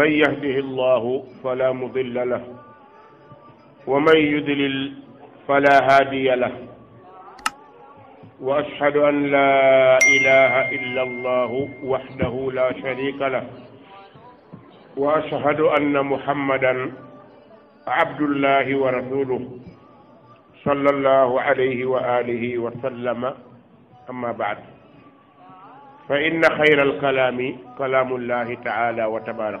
من يهده الله فلا مضل له ومن يذلل فلا هادي له واشهد ان لا اله الا الله وحده لا شريك له واشهد ان محمدا عبد الله ورسوله صلى الله عليه واله وسلم اما بعد فان خير الكلام كلام الله تعالى وتبارك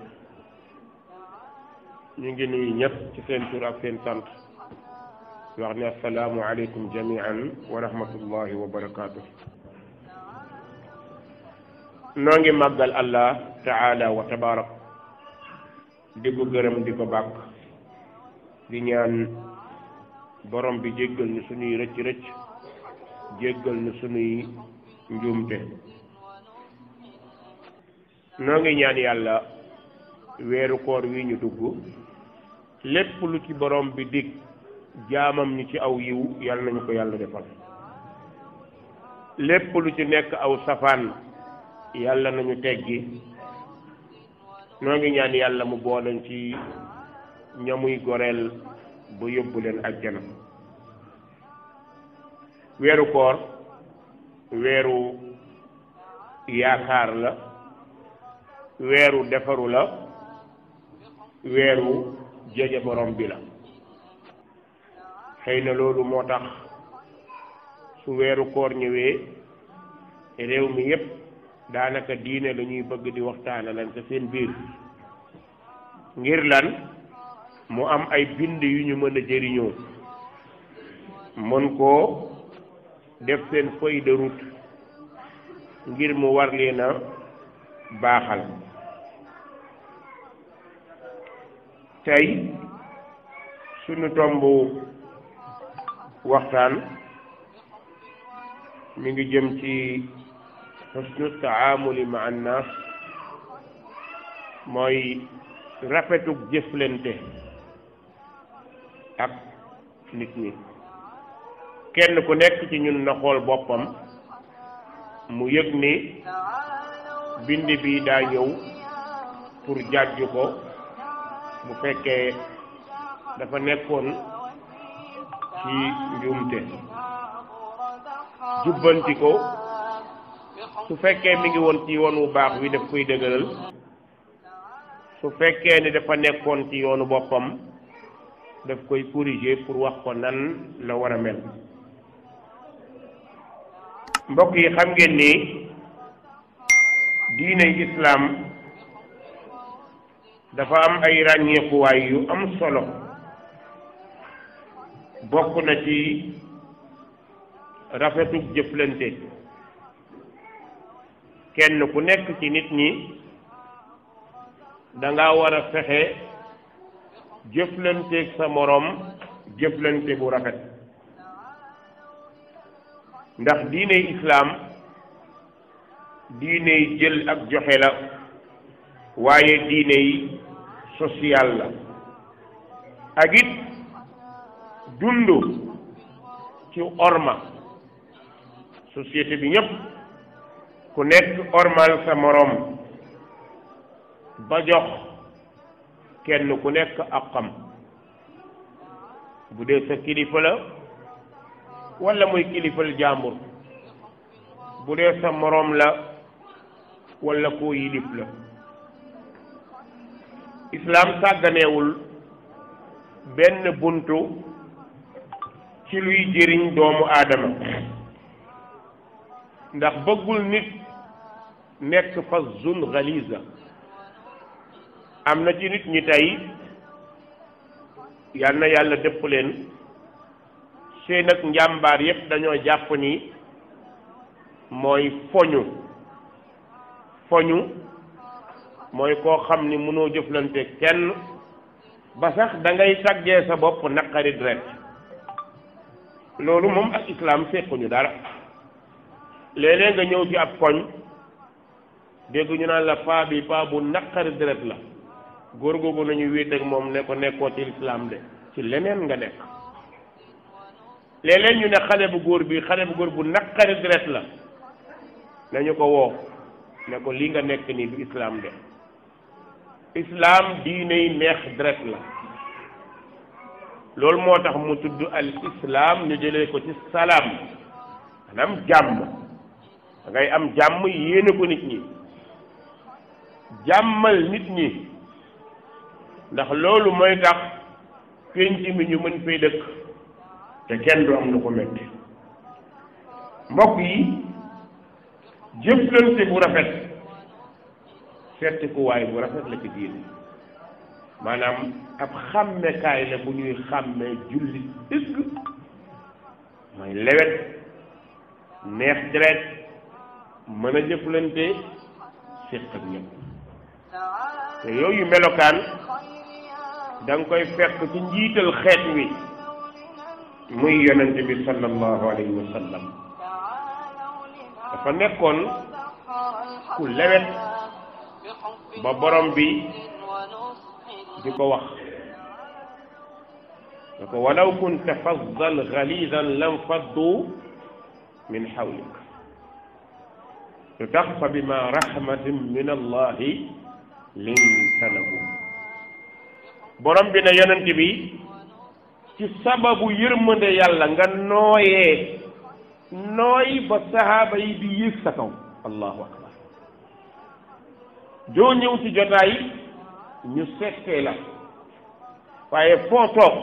ñu ngi nuyu ñëpp ci seen tur ak seen sant wax ne asalaamu aleykum jamian wa rahmatullahi wa barakaatu. noo ngi màggal allah taala wa tabarak di ko gërëm di ko bàkk di ñaan borom bi jéggal ñu suñuy rëcc rëcc jéggal ñu suñuy njuumte noo ngi ñaan yàlla weeru koor wi ñu dugg lépp lu ci borom bi dig jaamam ñu ci aw yiw yàlla nañu ko yàlla defal lépp lu ci nekk aw safaan yàlla nañu teggi ñoo ngi ñaan yàlla mu booleen ci ñamuy goreel ba yóbbu leen ajjana weeru koor weeru yaakaar la weeru defaru la weeru jege borom bi la xëy na loolu moo tax su weeru koor ñëwee réew mi yépp daanaka diine la bëgg di waxtaana waxtaanalante seen biir ngir lan mu am ay bind yu ñu mën a jëriñoo mën koo def seen feuille de ngir mu war leen baaxal tey sunu tomb waxtaan mu ngi jëm ci xusnu mooy rafetuk jëflante ak nit ñi kenn ku nekk ci ñun na xool boppam mu yëg ni bind bi daa ñëw pour jàjju ko bu fekkee dafa nekkoon ci njuumte jubbanti ko su fekkee mi ngi woon ci yoon wu baax wi daf koy dëgëral su fekkee ni dafa nekkoon ci yoonu boppam daf koy corriger pour wax ko nan la war a mel mbokk yi xam ngeen ni diiney islaam dafa am ay ràññeekuwaay yu am solo bokk na ci rafetu jëflante kenn ku nekk ci nit ñi da nga war a fexe jëflanteeg sa moroom jëflante bu rafet ndax diiney islaam diiney jël ak joxe la waaye diiney Sosial la agit dundu ci orma société bi ñep ku nekk ormal sa morom ba jox kenn ku nekk akam bu de sa kilifa la wala muy kilifal jambur bu de sa morom la wala ko la islaam sàgganewul benn buntu ci luy jëriñ doomu aadama ndax bëggul nit nekk fas zun xaliisa am na ci nit ñi tey yal yàlla dëpp leen seen ak njàmbaar yépp dañoo jàpp ni mooy foñu foñu mooy koo xam ni mënoo jëflante kenn ba sax da ngay tàggee sa bopp naqari deret loolu moom ak islaam fekkuñu dara léeg nga ñëw ci ab koñ dégg ñu naa la paa bi paa bu naqari deret la góor googu nañu wéet ak moom ne ko nekkoo ci de ci leneen nga nekk léeg ñu ne xale bu góor bi xale bu góor bu naqari deret la nañu ko woo ne ko lii nga nekk nii du islaam de islaam diiney neex dret la loolu moo tax mu tudd al islaam ñu jëlee ko ci salaam am jàmm dangay am jàmm yéene ko nit ñi jàmmal nit ñi ndax loolu mooy tax pénc mi ñu mën fay dëkk te kenn du am lu ko metti mbokk yi jëflante bu rafet kuwaay bu rafet la ci diine maanaam ab xàmmekaay la bu ñuy xàmmee jullit dëgg mooy lewet neex deret mën a jëflante séq ak ñëpp te yooyu melokaan da koy fekk ci njiital xeet wi muy yonent bi sallallahu alayhi wa dafa nekkoon ku lewet ba borom bi di ko wax ne ko walaw kunta faddan galidan lam faddu min hawlik lu tax fa bima rahmatin min allahi linta lahum borom bi ne yonent bi ci sababu yërmande yàlla nga nooyee nooy ba sahaaba yi di yéeg sa kaw allahu akbar doo ñëw ci jotaay ñu seetee la waaye foo toog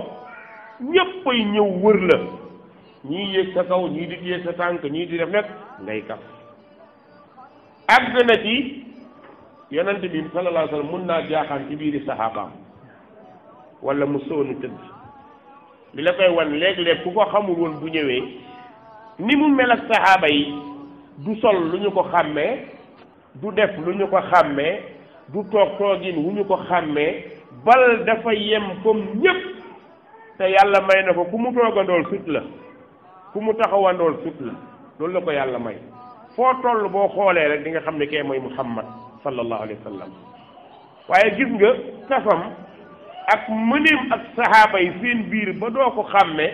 ñëppay ñëw wër la ñii yéeg sa kaw ñu di yéeg sa tànk ñii di def nag ngay kaf àgg na ci yonent bi sallallahu alayhi mun naa jaaxaan ci biiri saxaabaam wala mu sóonu tëdd li la koy wan léeg-léeg ku ko xamul woon bu ñëwee ni mu mel ak saxaaba yi du sol lu ñu ko xàmmee du def lu ñu ko xàmmee du toog toogin wu ñu ko xàmmee bal dafa yem comme ñépp te yàlla may na ko ku mu toogandool sut la ku mu taxawandool sut la loolu la ko yàlla may foo toll boo xoolee rek di nga xam ne kee mooy muhammad sallallahu alayhi wa sallam waaye gis nga kafam ak mëneem ak saxaaba yi seen biir ba doo ko xàmme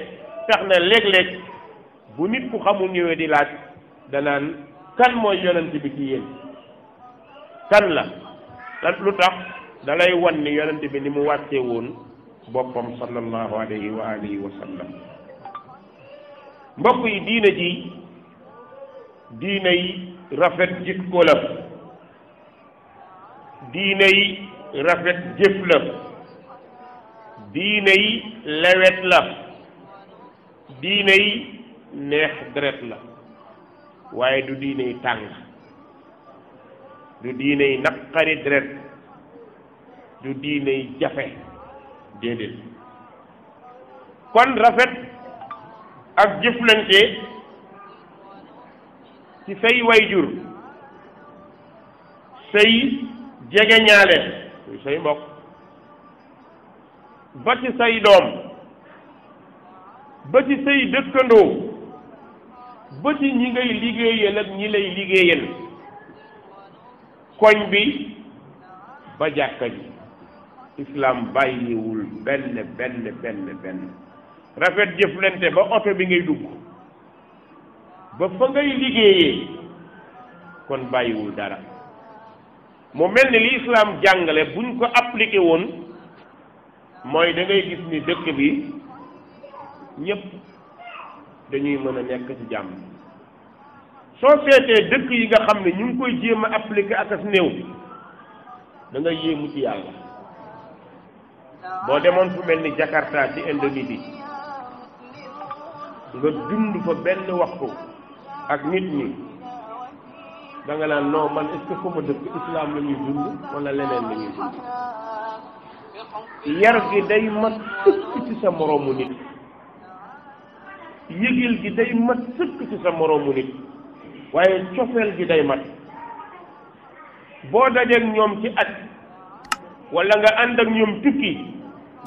tax na léeg-léeg bu nit ku xamul ñëwee di laaj danaan kan mooy yonent bi ci yéen kan la lu tax dalay lay wan ni yonente bi ni mu wàccee woon boppam sallallahu alayhi wa alihi wa sallam mbokk yi diine ji diine yi rafet jikko la diine yi rafet jëf la diine yi lewet la diine yi neex deret la waaye du diine yi tàng du diiney naqari deret du diiney jafe déedéet kon rafet ak jëflante ci say wayjur sëy jegeñaale muy sëy mbokk ba ci say doom ba ci say dëkkandoo ba ci ñi ngay liggéeyal ak ñi lay liggéeyal koñ bi ba jàkka ji islam bàyyiwul benn benn benn benn rafet jëflante ba oto bi ngay dugg ba fa ngay liggéeyee kon bàyyiwul dara mu mel ni li islam jàngale buñ ko appliqué woon mooy dangay gis ni dëkk bi ñépp dañuy mën a nekk ci jàmm soo seetee dëkk yi nga xam ne ñu ngi koy jéem a appliquer ak as néew da nga yéemu ci yàlla boo demoon fu mel ni jakarta ci indonésie nga dund fa benn waxtu ak nit ñi da nga naan non man est ce que fa ma dëkk islam la ñuy dund wala leneen la ñuy dund yar gi day mat sëkk ci sa moroomu nit yëgil gi day mat sëkk ci sa moroomu nit waaye cofeel gi day mat boo dajeeg ñoom ci at walla nga ànd ak ñoom tukki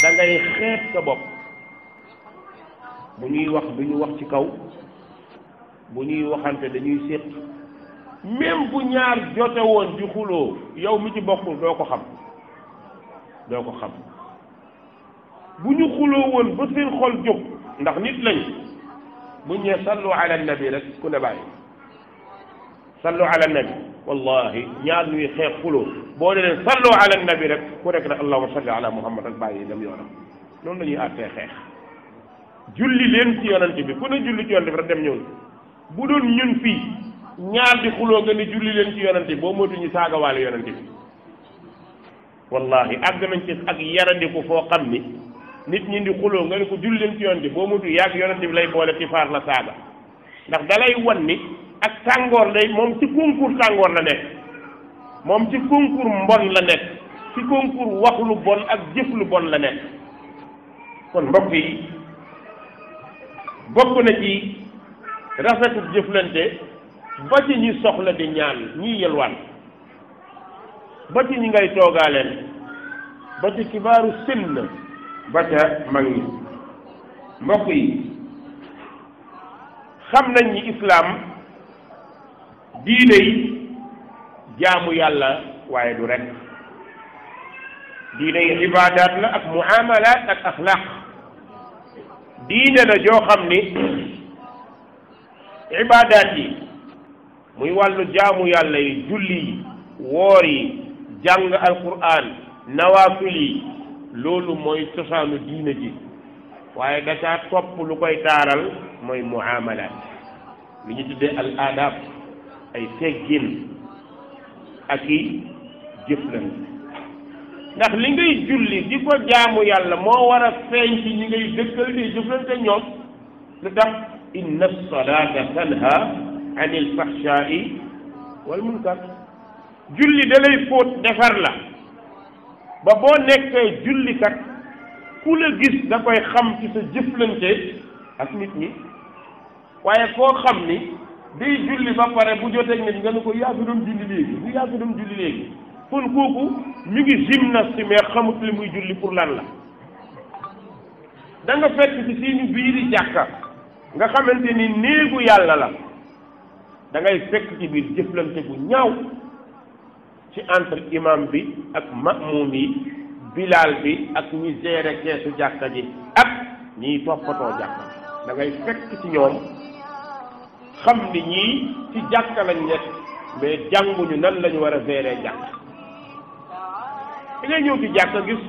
da ngay xeet sa bopp bu ñuy wax du ñu wax ci kaw bu ñuy waxante dañuy séq même bu ñaar jote woon di xuloo yow mi ci bokkul doo ko xam doo ko xam bu ñu xuloo woon ba seen xol jóg ndax nit lañ bu ñee sallu ala bi rek ku ne bàyyi صلوا على النبي والله نيال نوي خيب فلو بولين صلوا على النبي رك كورك الله وصلي على محمد رك باي لم يورا نون نيو آتي خيخ جولي لين تي يونان تي بي كونا جولي تي يونان تي فردم نيو بودون نيون في نيال دي خلو غني جولي لين تي يونان تي بو موتو ني ساقا والي يونان تي والله أبدا من تيس أك يراندي كو فو قمي نيت ني دي خلو غني كو جولي لين تي يونان تي بو موتو ياك يونان تي بلاي بولي تي فار لا ساقا نخ دالاي وان ak tàngoor day moom ci concours tàngoor la nekk moom ci concours mbon la nekk ci concours wax lu bon ak jëf lu bon la nekk kon mbokk yi bokk na ci rafetu jëflante ba ci ñi soxla di ñaan ñiy yelwaan ba ci ñi ngay toogaaleen ba ci kibaaru sinn ba ca mag ñi mbokk yi xam nañ ni islaam diine jaamu yàlla waaye du rek diine yi ibaadaat la ak muamalaat ak axlaaq muy wàllu jaamu yàlla yi julli yi woor yi jàng alquran nawaafil yi loolu mooy cosaanu ji waaye da topp lu koy taaral mooy muamalaat li ñu tuddee al adab ay teggin ak i jëflante ndax li ngay julli di ko jaamu yàlla moo war a feeñ ci ñi ngay dëkkal di jëflante ñoom lu tax inna salaata tanha anil fahshaai wal munkar julli da fóot defar la ba boo nekkee jullikat ku la gis da koy xam ci sa jëflante ak nit ñi waaye koo xam ni day julli ba pare bu joteeg nit nga ne ko yaa fi doon julli léegi bu yaa fi doon julli léegi kon kooku mi ngi gymnaste mais xamut li muy julli pour lan la danga nga fekk ci suñu biiri jàkka nga xamante ni néegu yàlla la dangay ngay fekk ci biir jëflante bu ñaaw ci entre imam bi ak ma'muum yi bilaal bi ak ñi gérer keesu jàkka ji ak ñiy toppatoo jàkka da fekk ci ñoom xam ni ñii ci jàkka lañ nekk mais jànguñu nan lañu war a gérer jàkka da ñëw ci jàkka gis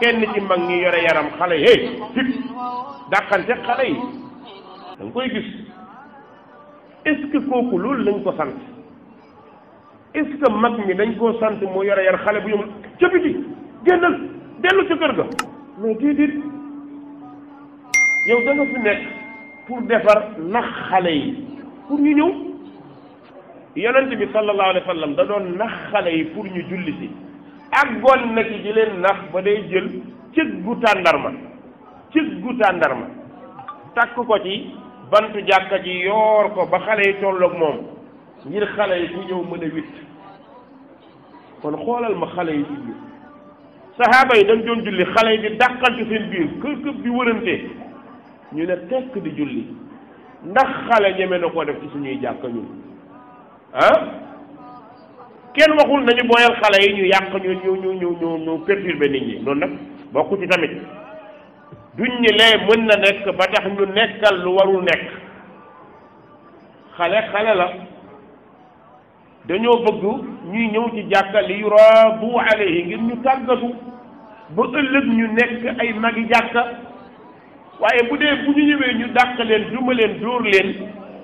kenn ci mag ñi yore yaram xale hey hip dàqante xale yi da nga koy gis est-ce loolu lañ ko sant est-ce mag mi dañ koo sant mu yore yar xale bu yomb ca biti génnal dellu ci kër ga mais déedéet yow da fi nekk pour defar nax xale yi pour ñu ñëw yonent bi sallallahu alayhi wasallam da doon nax xale yi pour ñu julli si ak goon na ci di leen nax ba day jël ci gu tàndarma ci gu tàndarma takku ko ci bantu jàkka ji yor ko ba xale yi tolloog moom ngir xale yi ku ñëw mëna wit kon xoolal ma xale yi ci biir yi dañ doon julli xale yi di dàqal ci seen biir kër këp di wërante ñu ne tekk di julli ndax xale ñeme na koo def ci suñuy jàkk ñun ah kenn waxul nañu booyal xale yi ñu yàq ñu ñu ñu ñu ñu ñu perturber nit ñi noonu nag bokku ci tamit duñ ñi lee mën na nekk ba tax ñu nekkal lu warul nekk xale xale la dañoo bëgg ñuy ñëw ci jàkka li yuraadu yi ngir ñu tàggatu ba ëllëg ñu nekk ay magi jàkka waaye bu dee bu ñu ñëwee ñu dàq leen duma leen dóor leen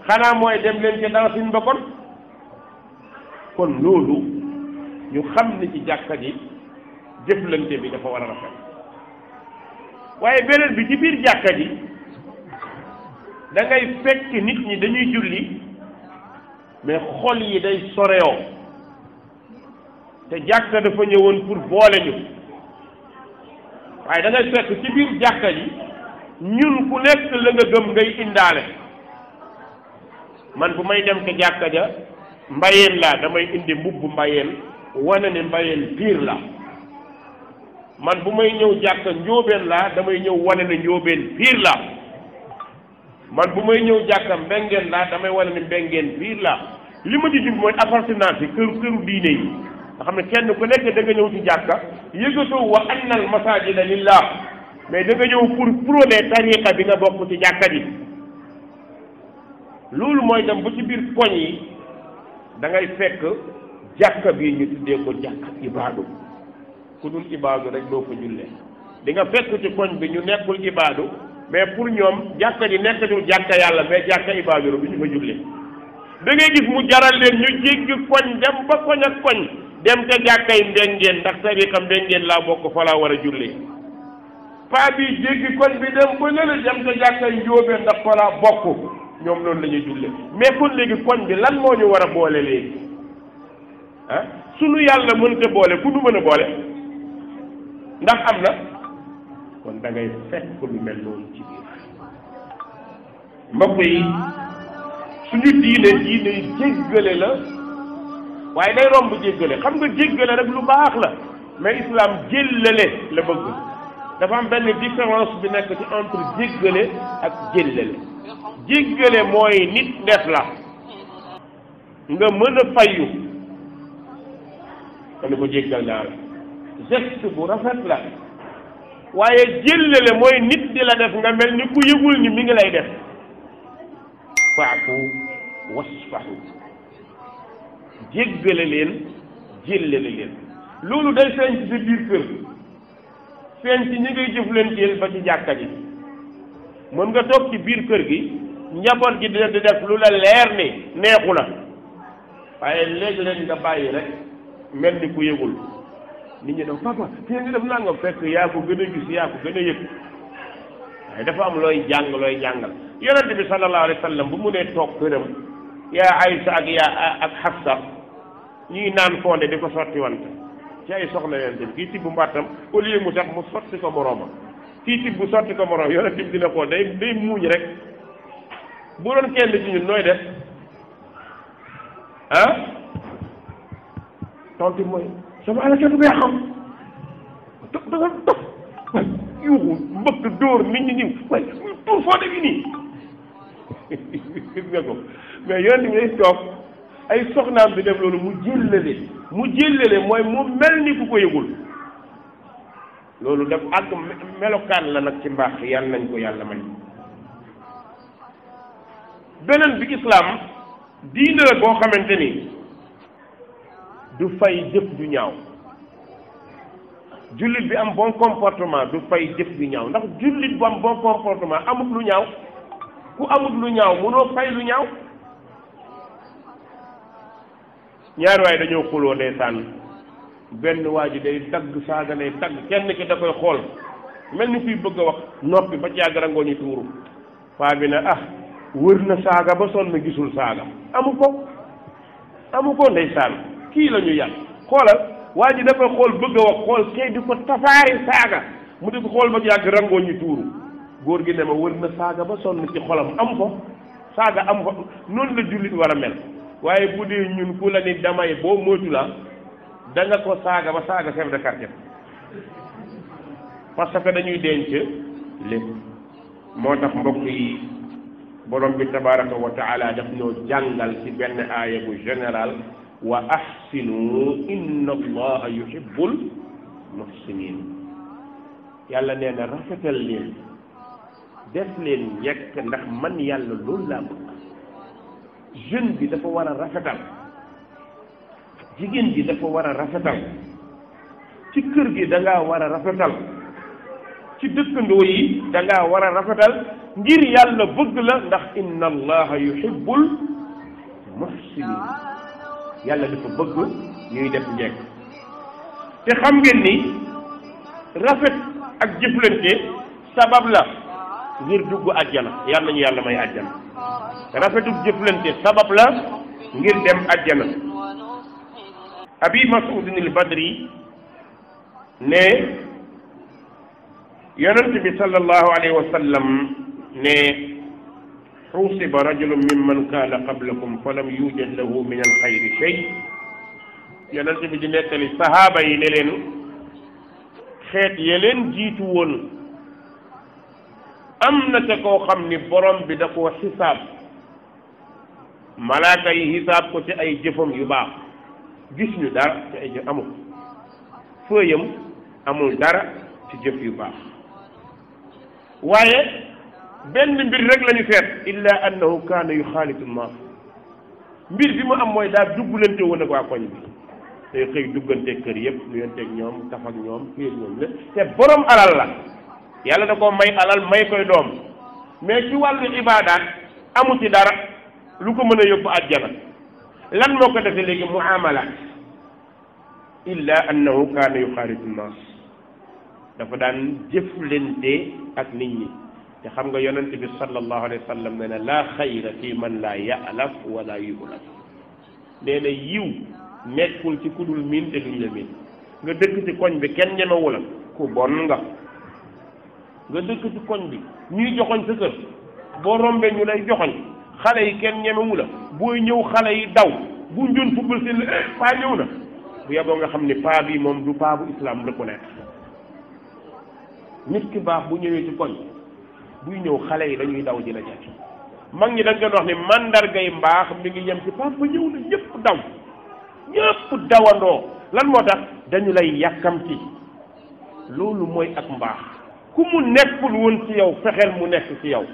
xanaa mooy dem leen ca dara suñ ba kon kon loolu ñu xam ne ci jàkka ji jëflante bi dafa war a rafet waaye beneen bi ci biir jàkka ji da ngay fekk nit ñi dañuy julli mais xol yi day sorewoo te jàkka dafa ñëwoon pour boole ñu waaye da fekk ci biir jàkka ji ñun ku nekk la nga gëm ngay indaale man bu may dem ca jàkka ja mbayeen laa damay indi mbubb mbayeen wane ne mbayeen piir la man bu may ñëw jàkka njóobeen laa damay ñëw wane ne njóobeen piir la man bu may ñëw jàkka mbengeen laa damay wane ne mbengeen piir laa li ma di jub mooy appartenance yi këru këru diine yi nga xam ne kenn ku nekk danga ñëw ci jàkka yëgatoo wa annal masaajida lillah mais da nga ñëw pour prôner tariqa bi nga bokk ci jàkka ji loolu mooy dem ba ci biir poñ yi dangay ngay fekk jàkka bii ñu tuddee ko jàkka ibaadu ku dul ibaadu rek doo fa jullee di nga fekk ci koñ bi ñu nekkul ibaadu mais pour ñoom jàkka ji nekkatul jàkka yàlla mais jàkka ibaadu la du ñu fa jullee da ngay gis mu jaral leen ñu jéggi koñ dem ba koñ ak koñ dem ca jàkkay ndengeen ndax tariqa ndengeen laa bokk fa laa war a jullee paa bi jéggi koñ bi dem ba ne la dem te jàkkay njóobeen ndax Pola bokk ñoom loolu lañuy ñuy jullee mais kon léegi koñ bi lan moo ñu war a boole léegi ah sunu yàlla mënta boole ku du mën a boole ndax am na kon da ngay fekk lu mel noonu ci biir mbokk yi suñu diine diine jéggale la waaye day romb jéggale xam nga jéggale rek lu baax la mais islam jéllale la bëgg. dafa am benn différence bi nekk ci entre jéggale ak jéllale jéggale mooy nit def la nga mën a fayu kon ko jéggal naa la geste bu rafet la waaye jéllale mooy nit di la def nga mel ni ku yëgul ni mi ngi lay def faafu wasfahu jéggale leen jéllale leen loolu day feeñ ci sa feeñ ci ñi ngay jëflanteel ba ci jàkka ji mën nga toog ci biir kër gi njaboot gi dina di def lu la leer ni neexu la waaye léegi-léegi nga bàyyi rek mel ni ku yëgul nit ñi dem papa kii ngi def nangam fekk yaa ko gën a gis yaa ko gën a yëg waaye dafa am looy jàng looy jàngal yonente bi sallallahu alayhi wa bu mu nee toog këram yaa Aysa ak yaa ak Xafsa ñuy naan fonde di ko sotti wante ci ay soxla yonente bi kii tibb mbàttam au lieu mu tax mu sotti ko moroomam kii tibb bu sotti ko moroom yonente bi dina ko day day muuñ rek bu doon kenn ci ñun nooy def ah tontu mooy sama ala cootu bee xam do danga dof way yuuxu mbëkk foo def yi nii gis nga ko mais yonente bi ay soxnaam bi def loolu mu jëllale mu jëllale mooy moom mel ni ku ko yëgul loolu daf ak melokaan la nag ci mbaax yàlla nañ ko yàlla may beneen bi islaam diine la boo xamante ni du fay jëf ju ñaaw jullit bi am bon comportement du fay jëf ju ñaaw ndax jullit bu am bon comportement amut lu ñaaw ku amut lu ñaaw mënoo fay lu ñaaw ñaari waaye dañoo xuloo sànn benn waa ji day dagg saaga lay dagg kenn ki da koy xool mel ni kuy bëgg a wax noppi ba jàgg rangoo ñu tuuru paa bi ne ah wër na saaga ba sonn gisul saaga amu ko amu ko ndeysaan kii la ñu yàq xoolal waa ji da koy xool bëgg a wax xool kay di ko tafaari saaga mu di ko xool ba jàgg rangoo ñu tuuru góor gi ne ma wër na saaga ba sonn ci xolam am ko saaga am ko noonu la jullit war a mel waaye bu ñun ku la ni damay boo moytu la da nga ko saaga ba saaga chef de quartier parce que dañuy denc lépp moo tax mbokk yi borom bi tabaraka wa daf ñoo jàngal ci benn aaya bu général wa ahsinu inna allaha yuhibbul muhsinin yàlla nee rafetal leen def leen njëkk ndax man yàlla loolu laa jeune bi dafa war a rafetal jigéen bi dafa war a rafetal ci kër gi danga war a rafetal ci dëkkandoo yi da war a rafetal ngir yàlla bëgg la ndax inna allaha yuhibbul muhsinin yàlla dafa bëgg ñuy def njekk te xam ngeen ni rafet ak jëflante sabab la ngir dugg àjjana yàlla ñu yàlla may àjjana rafetu jëflante sabab la ngir dem àjjana abi masudin al badri ne yonent bi sallallahu alayhi wa sallam ne xuusiba rajulun mimman kaana qablakum falam yujad lahu min al xayri shay yonent bi di nettali sahaaba yi ne leen xeet ya leen jiitu woon am na te koo xam ni borom bi da koo xisaab malaaka yi hisaab ko ci ay jëfam yu baax gis ñu dara ci ay jëf amul fëyam amul dara ci jëf yu baax waaye benn mbir rek lañu ñu seet illa annahu kaana yuxaalitu naas mbir bi mu am mooy daal dugglante woon ak waa koñ bi day xëy duggante kër yëpp nuyanteeg ñoom taf ak ñoom fiir ñoom lépp te borom alal la yàlla da koo may alal may koy doom mais ci wàllu ibaadaat amu ci dara lu ko mën a yóbbu àjjana lan moo ko defee léegi muamalaat illa annahu kaana yuxaaribu nnaas dafa daan jëflente ak nit ñi te xam nga yonent bi sallallahu alayhi wa sallam nee na laa xayra fi man laa ya'laf wala yu'laf nee na yiw nekkul ci ku dul miin te duñ la miin nga dëkk ci koñ bi kenn ñemewu la ku bon nga nga dëkk ci koñ bi ñuy joxoñ sa kër boo rombe ñu lay joxoñ xale yi kenn ñemewu la booy ñëw xale yi daw bu njun football seen la paa ñëw na bu yaboo nga xam ne paa bi moom du paa bu islam reconnaître nit ki baax bu ñëwee ci koñ buy ñëw xale yi dañuy daw ji la jàpp mag ñi dañ doon wax ne mandargay mbaax mi ngi yem ci papa ñëw na ñëpp daw ñëpp dawandoo lan moo tax dañu lay yàkkamti loolu mooy ak mbaax ku mu nekkul woon ci yow fexeel mu nekk ci yow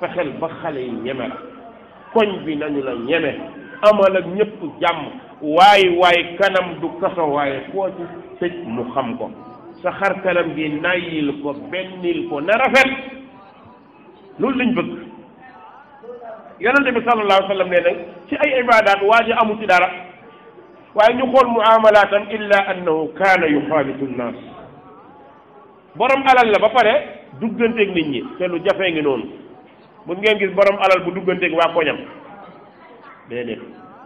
fexeel ba xale yi ñeme la koñ bi nañu la ñeme amal ak ñëpp jàmm waaye waaye kanam du kaso waaye koo ci tëj mu xam ko sa xar kanam gi nayyil ko bennil ko na rafet loolu lañ bëgg yonente bi sallallahu alayhi wa sallam nee ci ay ibaadaat waa amu ci dara waaye ñu xool muamalaatam illa annahu kaana yuxaabitu nnaas borom alal la ba pare dugganteeg nit yi te lu jafee ngi noonu mus ngeen gis borom alal bu dugganteeg waa koñam déedéet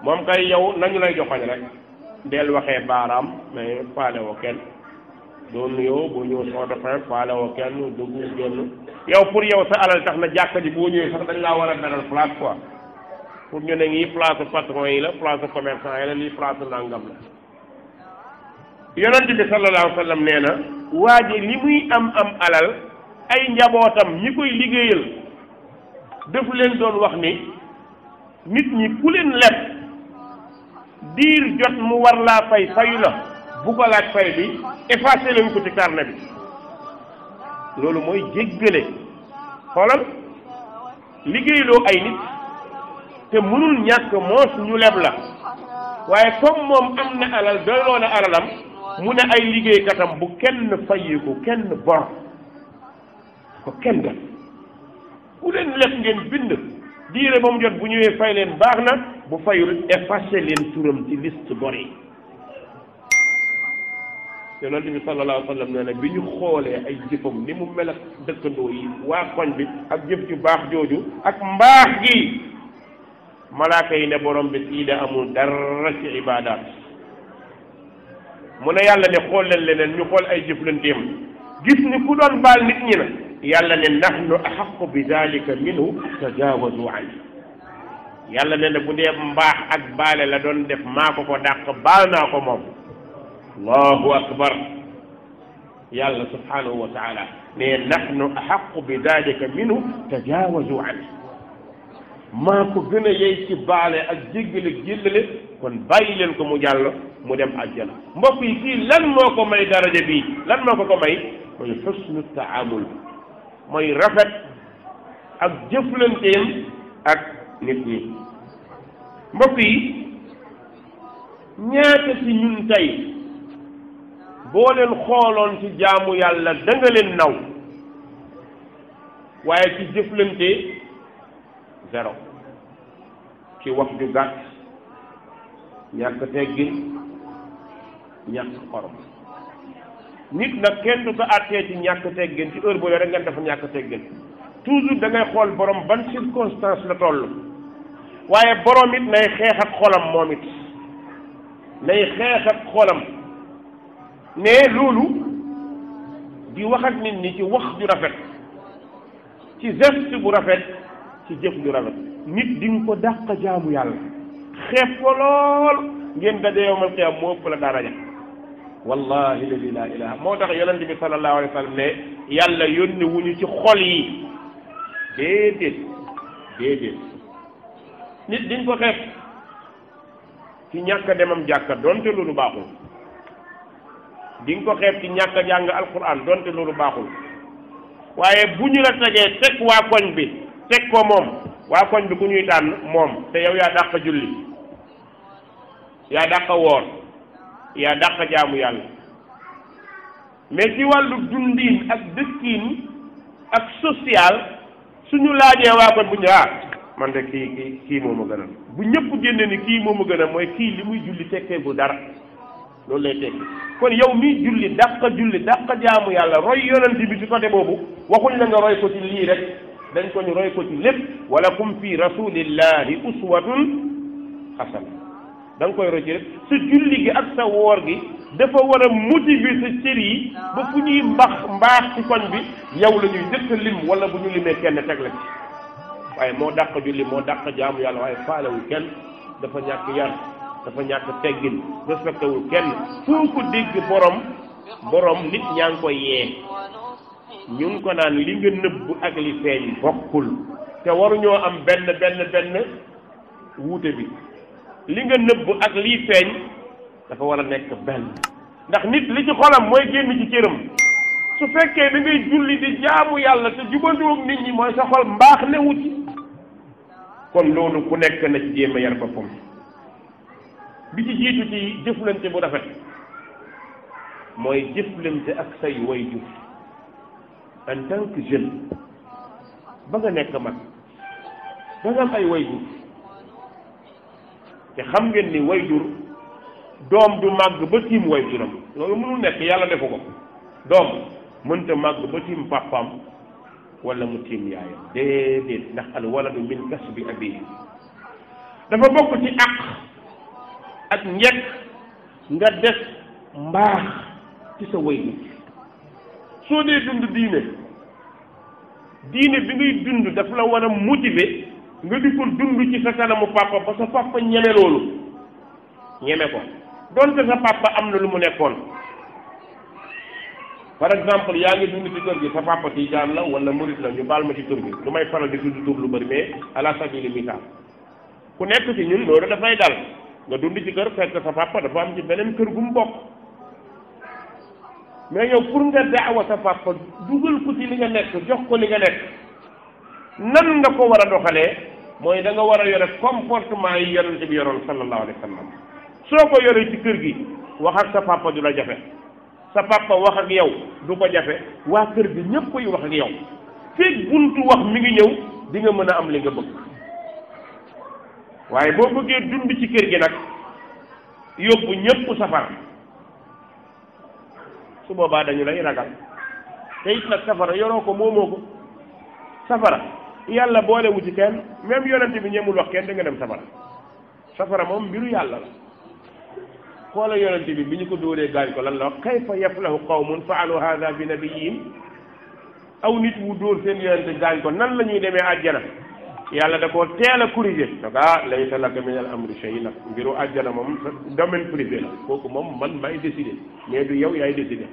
mom kay yow nañu lay joxañ rek del waxee baram mais faale woo kenn ñu yow ñu so soo defee faale woo kenn dugg génn yow pour yow sa alal tax na jàkka ji boo sax dañ la wara dalal place quoi pour ñu ne ngi place patron yi la place commerçant yi la ni place nangam la yonent bi sallallahu alayhi wasallam sallam waji limuy am am alal ay njabotam ñi koy liggeyal daf leen doon wax ni nit ñi ku leen leb diir jot mu war laa fay fayu la bu ko laaj fay bi effacé leen ko ci carnet bi loolu mooy jéggale xoolal liggéeyloo ay nit te mënul ñàkk moos ñu leb la waaye comme moom am na alal doyloo na alalam mu ne ay liggéeykatam bu kenn fayi ko kenn bor ko kenn def ku leen leb ngeen bind diire ba mu jot bu ñëwee fay leen baax na bu fayul effacé leen turam ci liste bor yi yonent bi sallallahu alayhi wa sallam nee bi ñu xoolee ay jëfam ni mu mel dëkkandoo yi waa koñ bi ak jëf ju baax jooju ak mbaax gi malaaka yi ne borom bi kii da amul dara ci ibaadaat mu ne yàlla ne xool leen leneen ñu xool ay jëflanteem gis ni ku doon baal nit ñi na يلا نحن أحق بذلك منه تجاوزوا عنه يلا نحن بدي مباح أكبال لدن دف ما كوكو داق بانا كومم الله أكبر يلا سبحانه وتعالى نحن أحق بذلك منه تجاوزوا عنه ما كوكونا ييكي بالي أجيجل جيلل kon bàyyi leen ko mu jàll mu dem àjjana mbokk yi kii lan moo ko may daraja bii lan moo ko ko may mooy xusnu taamul mooy rafet ak jëflanteem ak nit ñi mbokk yi ñaata ci ñun tey boo leen xooloon ci jaamu yàlla da nga leen naw waaye ci jëflante zéro ci wax ju gàtt ñàkk teggin ñàkk xorom nit nag kenn du ko àttee ci ñàkk teggin ci heure boobu rek ngeen dafa ñàkk teggin toujours da ngay xool borom ban circonstance la toll waaye borom it nay xeex xoolam xolam moom it nay xeex ak xolam ne loolu di waxat ak nit ñi ci wax ju rafet ci geste bu rafet ci jëf ju rafet nit di ko dàq jaamu yàlla xeeb ko lool ngeen dajee yowmal qiyaam moo ëpp la daraja wallahi ladi laa ilaha moo tax yonente bi sallallahu alayhi wa sallam ne yàlla yónni wuñu ci xol yi déedéet déedéet nit diñ ko xeeb ci ñàkk demam jàkka donte lu baaxul diñ ko xeeb ci ñàkk jàng alquran donte loolu baaxul waaye bu ñu la tegee teg waa koñ bi teg ko moom waa koñ bi ku ñuy tànn moom te yow yaa dàq julli yaa dàq woor yaa dàq jaamu yàlla mais ci wàllu dundiin ak dëkkiin ak social suñu laajee waa ko bu ñu ah man de kii kii kii moom a gënal bu ñëpp génne ni kii moom a gënal mooy kii li muy julli tekkee bu dara loolu lay tekki kon yow miy julli daq julli dàq jaamu yàlla roy yonent bi ci côté boobu waxuñ la nga roy ko ci lii rek dañ ko ñu roy ko ci lépp walakum fi rasulillahi uswatun xasana da koy roci rek sa julli gi ak sa woor gi dafa war a motiver sa cër yi ba fu ñuy mbax mbaax ci koñ bi yow la ñuy lim wala bu ñu limee kenn teg la waaye moo dàq julli moo dàq jaamu yàlla waaye faalewul kenn dafa ñàkk yar dafa ñàkk teggin respecté wul kenn foo ko dégg borom boroom nit ñaa ngi koy yee ñu ngi ko naan li nga nëbb ak li feeñ bokkul te waruñoo am benn benn benn wuute bi li nga nëbb ak lii feeñ dafa war a nekk benn ndax nit li ci xolam mooy génn ci cëram su fekkee da ngay julli di jaamu yàlla te jubandoog nit ñi mooy sa xol mbaax ne wuti kon loolu ku nekk na ci jéem yar boppam bi ci jiitu ci jëflante bu rafet mooy jëflante ak say waajur en tant que jeune ba nga nekk mag da nga am ay waajur te xam ngeen ni wayjur doom du màgg ba tiim wayjuram loolu mënul nekk yàlla defu ko doom mënta màgg ba tiim pàppam wala mu tiim yaayam déedéet ndax al waladu bi kasbi abihi dafa bokk ni àq ak njëkk nga des mbaax ci sa wayjur soo dee dund diine diine bi ngay dund daf la war a motiver nga di ko dund ci sa kanamu papa ba sa papa ñeme loolu ñeme ko donte sa papa am na lu mu nekkoon par exemple yaa ngi dund ci kër gi sa papa tijaan la wala murit la ñu baal ma ci tur bi lu may faral di tudd tur lu bari mais ala sabili misaal ku nekk ci ñun loolu dafay dal nga dund ci kër fekk sa papa dafa am ci beneen kër gu mu bokk mais yow pour nga daawa sa papa dugal ko ci li nga nekk jox ko li nga nekk. nan nga ko war a doxalee mooy danga nga war a yore comportement yi yonente bi yoroon sallallahu alayhi wa soo ko yoree ci kër gi wax ak sa papa du la jafe sa papa wax ak yow du ko jafe waa kër gi ñëpp koy wax ak yow feeg buntu wax mi ngi ñëw di nga mën a am li nga bëgg waaye boo bëggee dund ci kër gi nag yóbbu ñëpp safara su boobaa dañu lay ragal te it nag safara yoroo ko moomoo ko safara yàlla boole wu ci kenn même yonente bi ñemul wax kenn da nga dem safara safara moom mbiru yàlla la xoola yonente bi bi ñu ko dóoree gaañ ko lan la wax kayfa yaflahu qawmun faalu hada bi nabiyihim aw nit wu dóor seen yonente gaañ ko nan la ñuy demee àjjana yàlla da koo teel a corrigé donc ah laysa laka min al amri shay nag mbiru àjjana moom domaine privé la kooku moom man may décidé mais du yow yaay décidé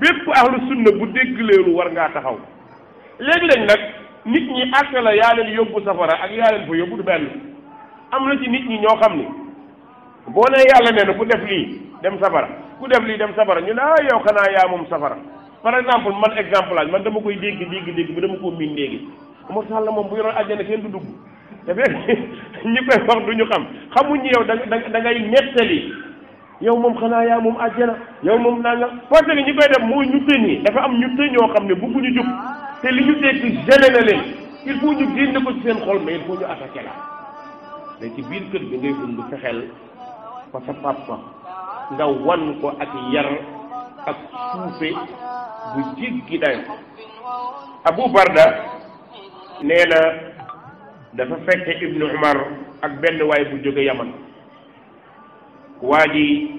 bépp ahlu sunna bu dégg léelu war ngaa taxaw léegi lañ nag nit ñi àtte la yaa leen yóbbu safara ak yaa leen fa yóbbu du benn am na ci nit ñi ñoo xam ni boo nee yàlla nee na ku def lii dem safara ku def lii dem safara ñu ne ah yow xanaa yaa moom safara par exemple man exemple laaj man dama koy dégg dégg dégg bi dama koo miin léegi Oumar Sall moom bu yoroon àjjana kenn du dugg te fekk koy wax du ñu xam xamuñ yow da da ngay nettali yow moom xanaa yaa moom àjjana yow moom nanga parce que ñi koy def mooy ñu tëñi dafa am ñu tëñ ñoo xam ne bëgguñu jub te li ñu tekki gêné na leen il faut ñu génne seen xol mais il faut ñu attaqué la mais ci biir kër bi ngay dund fexeel fa sa papa nga wan ko ak yar ak suufe bu jéggi dayo Abu Barda nee na dafa fekke Ibnu Umar ak benn waay bu jóge Yaman waa ji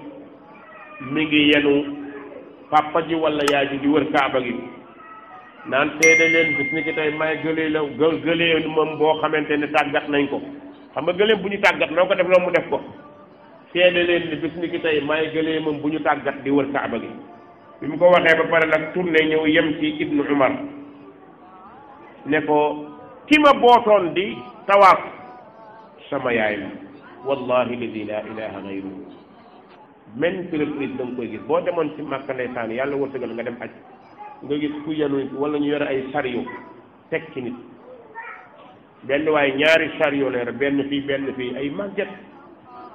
mi ngi yenu papa ji wala yaa ji di wër kaaba gi naan seede leen bis ni ki tey may gëlee la gëlee moom boo xamante ne tàggat nañ ko xam nga gëleem bu ñu tàggat noo ko def noonu mu def ko seede leen ni tey may gëlee moom bu ñu tàggat di wër kaaba gi bi mu ko waxee ba pare nag tourné ñëw yem ci ibnu umar ne ko ki ma bootoon di tawaaf sama yaay la wallahi ladi la ilaha gayruhu même reprise da nga koy gis boo demoon ci Màkka ndeysaan yàlla a nga dem aj nga gis ku yanu wala ñu yore ay sario teg ci nit benn waaye ñaari chariot leer benn fii benn fii ay màgget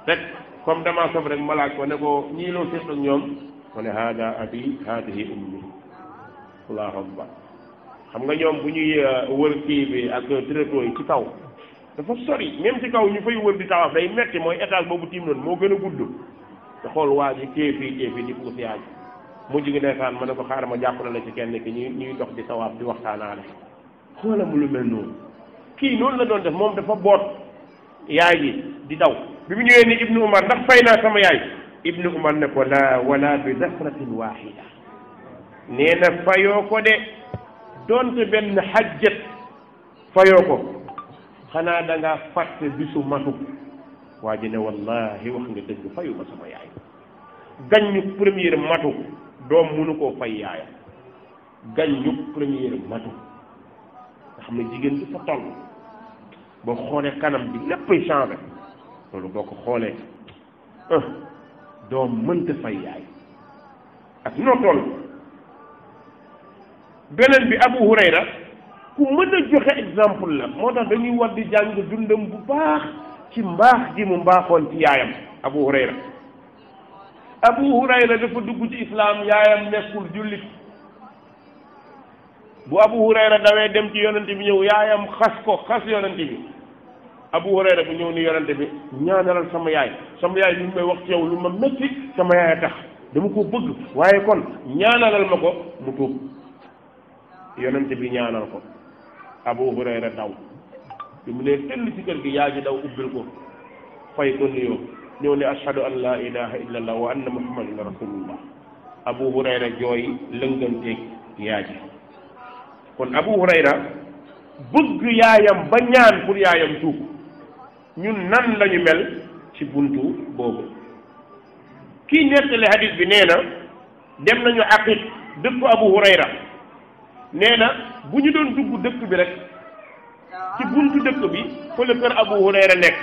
rek comme dama sof rek ma laaj ko ne ko ñii loo séq ñoom mu ne haada abi haadihi ummi allahu akbar xam nga ñoom bu ñuy uh, wër kii bi ak tréteaux yi ci kaw dafa sori même ci kaw ñu fay wër di tawaaf day metti mooy étage boobu tiim noonu moo gën a gudd te xool waa ji téye fii téye fii di poussière mujj gi ndeysaan ma ne ko xaaral ma jàppale la ci kenn ki ñuy ñuy dox di sawaab di waxtaanaale xoola mu lu mel noonu kii noonu la doon def moom dafa boot yaay ji di daw bi mu ñëwee ni ibnu umar ndax fay naa sama yaay ibnu umar ne ko la wala bi dafratin wahida nee na fayoo ko de donte benn xajjat fayoo ko xanaa da ngaa fàtte bisu matu waa ji ne wallahi wax nga dëgg fayu ma sama yaay gaññu première matu doom mënu koo fay yaayam gaññu première matu nga xam ne jigéen bi fa toll boo xoolee kanam bi léppay changé loolu boo ko xoolee ah, doom mënta fay yaay ak noo toll beneen bi Abu Hurayra ku mën a joxe exemple la moo tax dañuy war di jàng dundam bu baax ci mbaax gi mu mbaaxoon ci yaayam Abu Hurayra Abu Hurayra dafa dugg ci islaam yaayam nekkul jullit bu Abu Hurayra dawee dem ci yonent bi ñëw yaayam xas ko xas yonent bi Abu Hurayra bu ñëw ni yonent bi ñaanalal sama yaay sama yaay lu may wax ci yow lu ma métti sama yaay a tax dama ko bëgg waaye kon ñaanalal ma ko mu tuub yonent bi ñaanal ko Abu Hurayra daw bi mu ne tëll ci kër gi yaa ji daw ubbil ko fay ko nuyoo ñëw ne ashhadu an laa ilaha illa allah wa anna muhammadan rasulullah Abu Hurayra jooy lënganteeg yaa ji kon Abu Hurayra bëgg yaayam ba ñaan pour yaayam tuub ñun nan lañu mel ci buntu boobu kii nettali hadis bi nee na dem nañu aqiq dëkku Abu Hurayra neena buñu doon dugg dëkk bi rek ci buntu dëkk bi fa le kër Abu Hurayra nekk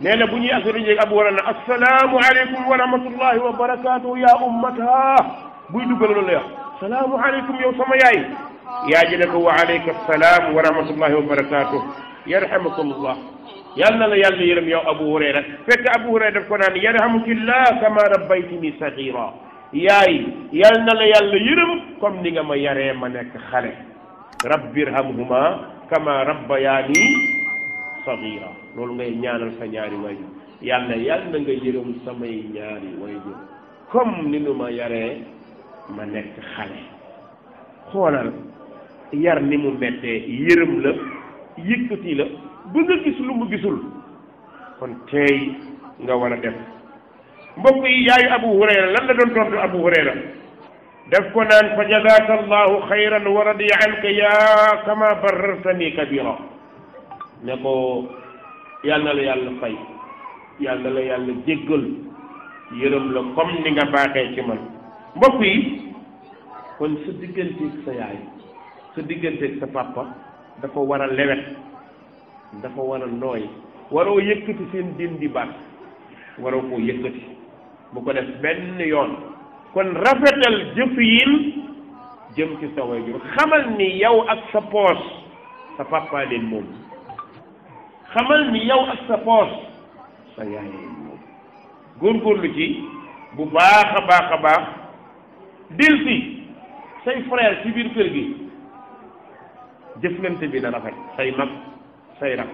neena buñu bu ñuy ak dañuy Abu Hurayra ne assalaamu wa rahmatullahi wa barakatuh ya ummata buy duggal lo lay wax assalamu alaykum yow sama yaay yaa ji ne ko wa aleyka assalam wa rahmatullahi wa barakaatu yarhamakumullah yàlla na la yàlla yërëm yow Abu Hurayra fekk Abu Hurayra daf ko naan yarhamuki llah kama rabbaytini sagira yaay yal na la yàlla yërëm comme ni nga ma yaree ma nekk xale rabbi irhamhuma kama rabbayaani sagira loolu ngay ñaanal sa ñaari wayjur yàlla yal nga yërëm samay ñaari wayjur comme ni nu ma yare ma nekk xale xoolal yar ni mu mettee yërëm la yëkkati la ba nga gis lu mu gisul kon tey nga war a dem mbokk yi yaayu abu hurayra lan la doon tontu abu hurayra daf ko naan fa jazaka allahu xayran wa anka yaa kama barartani kabira ne ko yal la yàlla fay yàlla la yàlla jéggal yërëm la comme ni nga baaxee ci man mbokk yi kon sa digganteeg sa yaay sa digganteeg sa papa dafa war a lewet dafa war a nooy waroo yëkkati seen din baat waroo koo yëkkati bu ko def benn yoon kon rafetal jëf yin jëm ci sa waajur xamal ni yow ak sa poos sa papa leen moom xamal ni yow ak sa poos sa yaay leen moom góorgóorlu ci bu baax a baax a baax dil say frère ci biir kër gi jëflante bi na rafet say mag say rak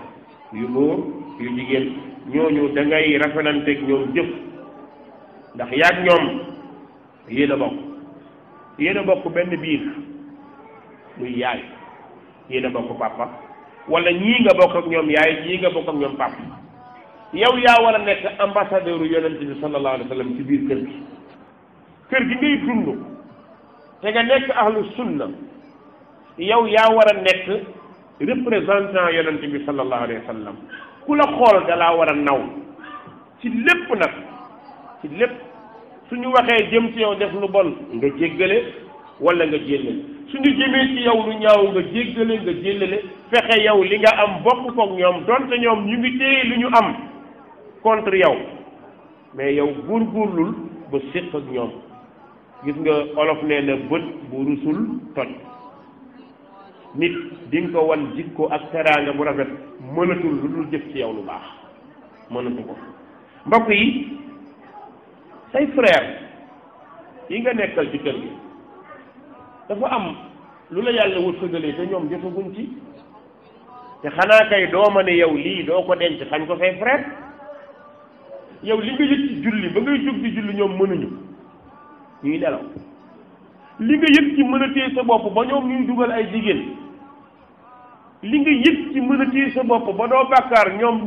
yu góor yu jigéen ñooñu da ngay rafetanteeg ñoom jëf ndax yaag ñoom yéen a bokk yéen a bokk benn biir muy yaay yéen a bokk papa wala ñii nga bokk ak ñoom yaay ñii nga bokk ak ñoom papa yow yaa war a nekk ambassadeur yonent bi sallallahu alayhi wa ci biir kër gi kër gi ngay dund te nga nekk ahlu sunna yow yaa war a nekk représentant yonent bi sallallahu alayhi wa ku la xool da war a naw ci lépp nag ci lépp ñu waxee jëm ci yow def lu bon nga jéggale walla nga jéllale suñu jëmee ci yow lu ñaaw nga jéggale nga jéllale fexe yow li nga am bokk koog ñoom donte ñoom ñu ngi téye lu ñu am contre yow mais yow lul ba séq ak ñoom gis nga olof nee na bët bu rusul toj nit di nga ko wan jikko ak seraanga bu rafet mënatul lu dul jëf ci yow lu baax mënatu ko mbokk yi say frère yi nga nekkal ci kër dafa am lu la yàlla wut fëgalee te ñoom jotaguñ ci te xanaa kay doo ma ne yow lii doo ko denc xañ ko say frère yow li nga yëg ci julli ba ngay jóg ci julli ñoom mënuñu ñuy nelaw li nga yëg ci mën a sa bopp ba ñoom ñuy dugal ay jigéen li nga yëg ci mën a sa bopp ba doo bàkkaar ñoom